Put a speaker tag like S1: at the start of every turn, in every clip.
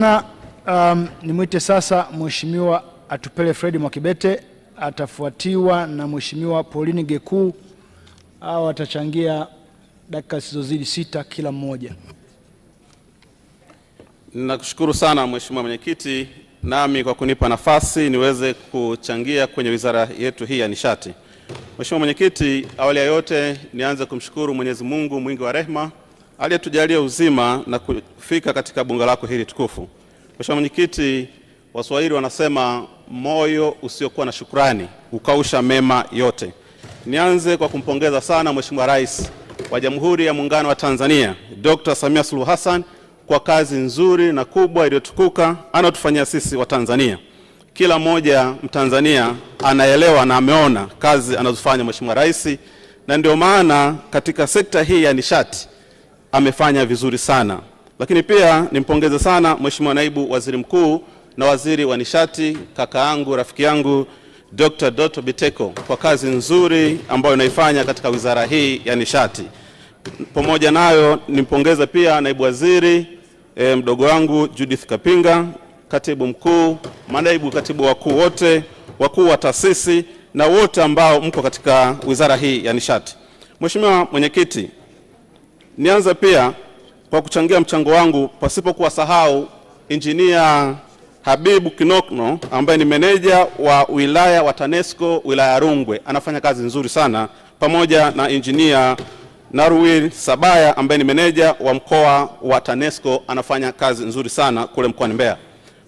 S1: Um, nimwite sasa Mheshimiwa Atupele Fredi Mwakibete atafuatiwa na Mheshimiwa Pauline Gekuu au atachangia dakika zisizozidi sita kila mmoja.
S2: Nakushukuru sana Mheshimiwa Mwenyekiti, nami kwa kunipa nafasi niweze kuchangia kwenye wizara yetu hii ya nishati. Mheshimiwa Mwenyekiti, awali ya yote nianze kumshukuru Mwenyezi Mungu mwingi wa rehema aliyetujalia uzima na kufika katika bunge lako hili tukufu. Mheshimiwa Mwenyekiti, Waswahili wanasema moyo usiokuwa na shukrani ukausha mema yote. Nianze kwa kumpongeza sana Mheshimiwa Rais wa Jamhuri ya Muungano wa Tanzania Dr. Samia Suluhu Hassan kwa kazi nzuri na kubwa iliyotukuka anayotufanyia sisi wa Tanzania. Kila mmoja Mtanzania anaelewa na ameona kazi anazofanya Mheshimiwa Rais, na ndio maana katika sekta hii ya nishati amefanya vizuri sana, lakini pia nimpongeze sana Mheshimiwa Naibu Waziri Mkuu na Waziri wa Nishati, kaka yangu, rafiki yangu Dr. Doto Biteko kwa kazi nzuri ambayo inaifanya katika wizara hii ya nishati. Pamoja nayo nimpongeze pia naibu waziri e, mdogo wangu Judith Kapinga, katibu mkuu, manaibu katibu wakuu wote, wakuu wa taasisi na wote ambao mko katika wizara hii ya nishati. Mheshimiwa Mwenyekiti, Nianze pia kwa kuchangia mchango wangu pasipo sahau Injinia Habibu Kinokno ambaye ni meneja wa wilaya wa TANESCO wilaya Rungwe, anafanya kazi nzuri sana, pamoja na Injinia Narwil Sabaya ambaye ni meneja wa mkoa wa TANESCO, anafanya kazi nzuri sana kule mkoani Mbeya.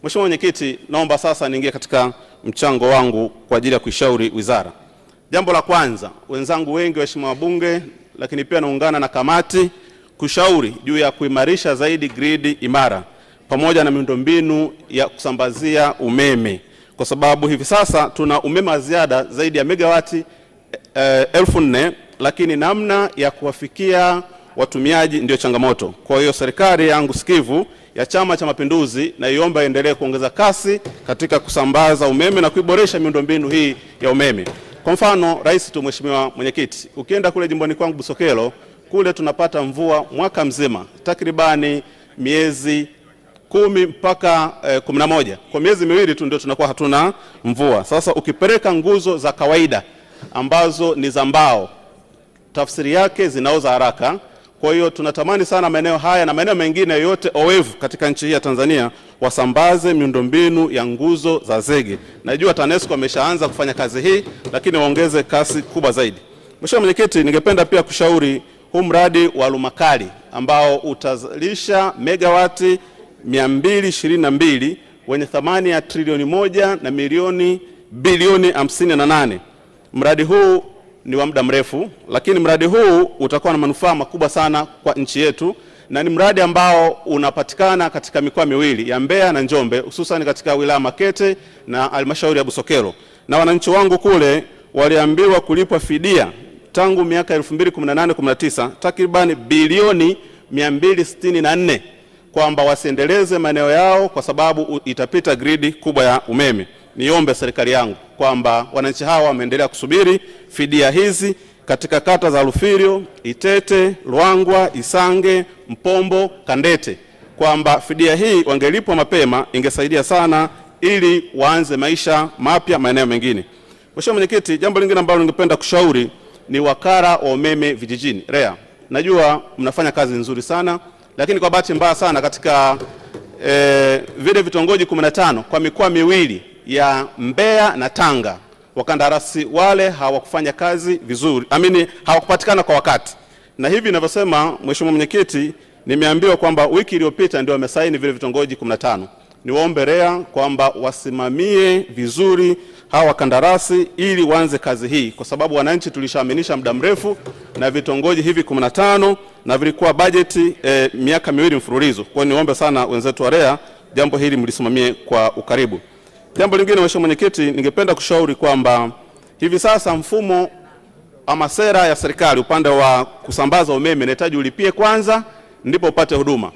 S2: Mheshimiwa Mwenyekiti, naomba sasa niingie katika mchango wangu kwa ajili ya kuishauri wizara. Jambo la kwanza, wenzangu wengi waheshimiwa wabunge, lakini pia naungana na kamati kushauri juu ya kuimarisha zaidi gridi imara pamoja na miundombinu ya kusambazia umeme, kwa sababu hivi sasa tuna umeme wa ziada zaidi ya megawati e, elfu nne lakini namna ya kuwafikia watumiaji ndiyo changamoto. Kwa hiyo serikali yangu sikivu ya Chama cha Mapinduzi naiomba iendelee kuongeza kasi katika kusambaza umeme na kuiboresha miundombinu hii ya umeme. Kwa mfano, rais tu, Mheshimiwa Mwenyekiti, ukienda kule jimboni kwangu Busokelo kule tunapata mvua mwaka mzima takribani miezi kumi mpaka e, eh, kumi na moja. Kwa miezi miwili tu ndio tunakuwa hatuna mvua. Sasa ukipeleka nguzo za kawaida ambazo ni za mbao, tafsiri yake zinaoza haraka. Kwa hiyo tunatamani sana maeneo haya na maeneo mengine yote owevu katika nchi hii ya Tanzania wasambaze miundombinu ya nguzo za zege. Najua TANESCO ameshaanza kufanya kazi hii, lakini waongeze kasi kubwa zaidi. Mheshimiwa Mwenyekiti, ningependa pia kushauri huu mradi wa Lumakali ambao utazalisha megawati 222 wenye thamani ya trilioni moja na milioni bilioni 58. Mradi huu ni wa muda mrefu, lakini mradi huu utakuwa na manufaa makubwa sana kwa nchi yetu na ni mradi ambao unapatikana katika mikoa miwili ya Mbeya na Njombe, hususan katika wilaya Makete na halmashauri ya Busokelo. Na wananchi wangu kule waliambiwa kulipwa fidia tangu miaka 2018 19 takribani bilioni 264 kwamba wasiendeleze maeneo yao kwa sababu itapita gridi kubwa ya umeme. Niombe serikali yangu kwamba wananchi hawa wameendelea kusubiri fidia hizi katika kata za rufirio Itete, Ruangwa, Isange, Mpombo, Kandete, kwamba fidia hii wangelipwa mapema ingesaidia sana ili waanze maisha mapya maeneo mengine. Mheshimiwa Mwenyekiti, jambo lingine ambalo ningependa kushauri ni wakala wa umeme vijijini REA. Najua mnafanya kazi nzuri sana, lakini kwa bahati mbaya sana katika e, vile vitongoji 15 kwa mikoa miwili ya Mbeya na Tanga wakandarasi wale hawakufanya kazi vizuri, amini hawakupatikana kwa wakati, na hivi ninavyosema, Mheshimiwa Mwenyekiti, nimeambiwa kwamba wiki iliyopita ndio wamesaini vile vitongoji 15. Niwaombe REA kwamba wasimamie vizuri hawa wakandarasi ili waanze kazi hii, kwa sababu wananchi tulishaaminisha muda mrefu na vitongoji hivi 15 na vilikuwa bajeti e, eh, miaka miwili mfululizo. Kwa hiyo niombe sana wenzetu wa REA jambo hili mlisimamie kwa ukaribu. Jambo lingine, Mheshimiwa Mwenyekiti, ningependa kushauri kwamba hivi sasa mfumo ama sera ya serikali upande wa kusambaza umeme inahitaji ulipie kwanza ndipo upate huduma,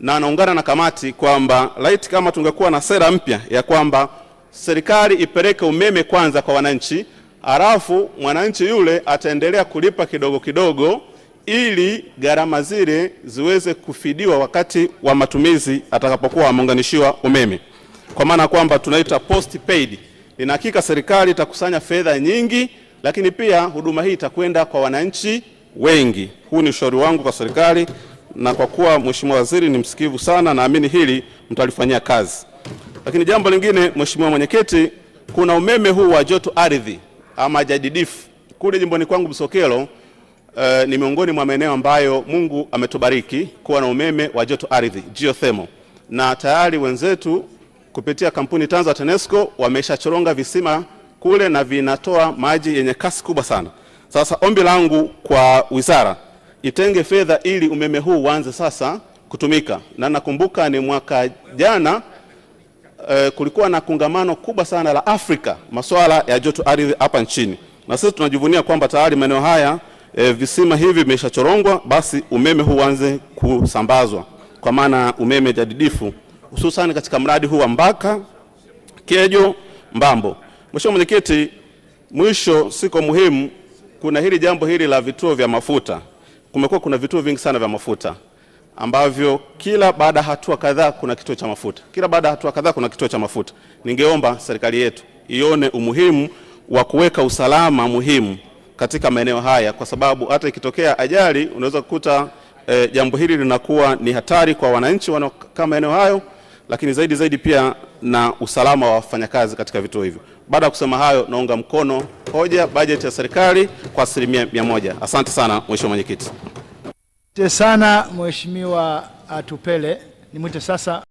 S2: na anaungana na kamati kwamba laiti kama tungekuwa na sera mpya ya kwamba serikali ipeleke umeme kwanza kwa wananchi, halafu mwananchi yule ataendelea kulipa kidogo kidogo ili gharama zile ziweze kufidiwa wakati wa matumizi atakapokuwa ameunganishiwa umeme, kwa maana kwamba tunaita post paid. Nina hakika serikali itakusanya fedha nyingi, lakini pia huduma hii itakwenda kwa wananchi wengi. Huu ni ushauri wangu kwa serikali, na kwa kuwa Mheshimiwa Waziri ni msikivu sana, naamini hili mtalifanyia kazi. Lakini jambo lingine, Mheshimiwa Mwenyekiti, kuna umeme huu wa joto ardhi ama jadidifu kule jimboni kwangu Msokelo. Uh, ni miongoni mwa maeneo ambayo Mungu ametubariki kuwa na umeme wa joto ardhi geothermal, na tayari wenzetu kupitia kampuni Tanza TANESCO wameshachoronga visima kule na vinatoa maji yenye kasi kubwa sana. Sasa ombi langu kwa wizara itenge fedha ili umeme huu uanze sasa kutumika, na nakumbuka ni mwaka jana eh, kulikuwa na kongamano kubwa sana la Afrika masuala ya joto ardhi hapa nchini, na sisi tunajivunia kwamba tayari maeneo haya eh, visima hivi vimeshachorongwa, basi umeme huu uanze kusambazwa kwa maana umeme jadidifu, hususan katika mradi huu wa Mbaka Kejo Mbambo. Mheshimiwa Mwenyekiti, mwisho siko muhimu, kuna hili jambo hili la vituo vya mafuta. Kumekuwa kuna vituo vingi sana vya mafuta ambavyo kila baada ya hatua kadhaa kuna kituo cha mafuta, kila baada ya hatua kadhaa kuna kituo cha mafuta. Ningeomba serikali yetu ione umuhimu wa kuweka usalama muhimu katika maeneo haya, kwa sababu hata ikitokea ajali unaweza kukuta e, jambo hili linakuwa ni hatari kwa wananchi wanaokaa maeneo hayo, lakini zaidi zaidi pia na usalama wa wafanyakazi katika vituo hivyo. Baada ya kusema hayo, naunga mkono hoja bajeti ya serikali kwa asilimia mia moja. Asante sana Mheshimiwa Mwenyekiti.
S1: Asante sana Mheshimiwa Atupele, nimwite sasa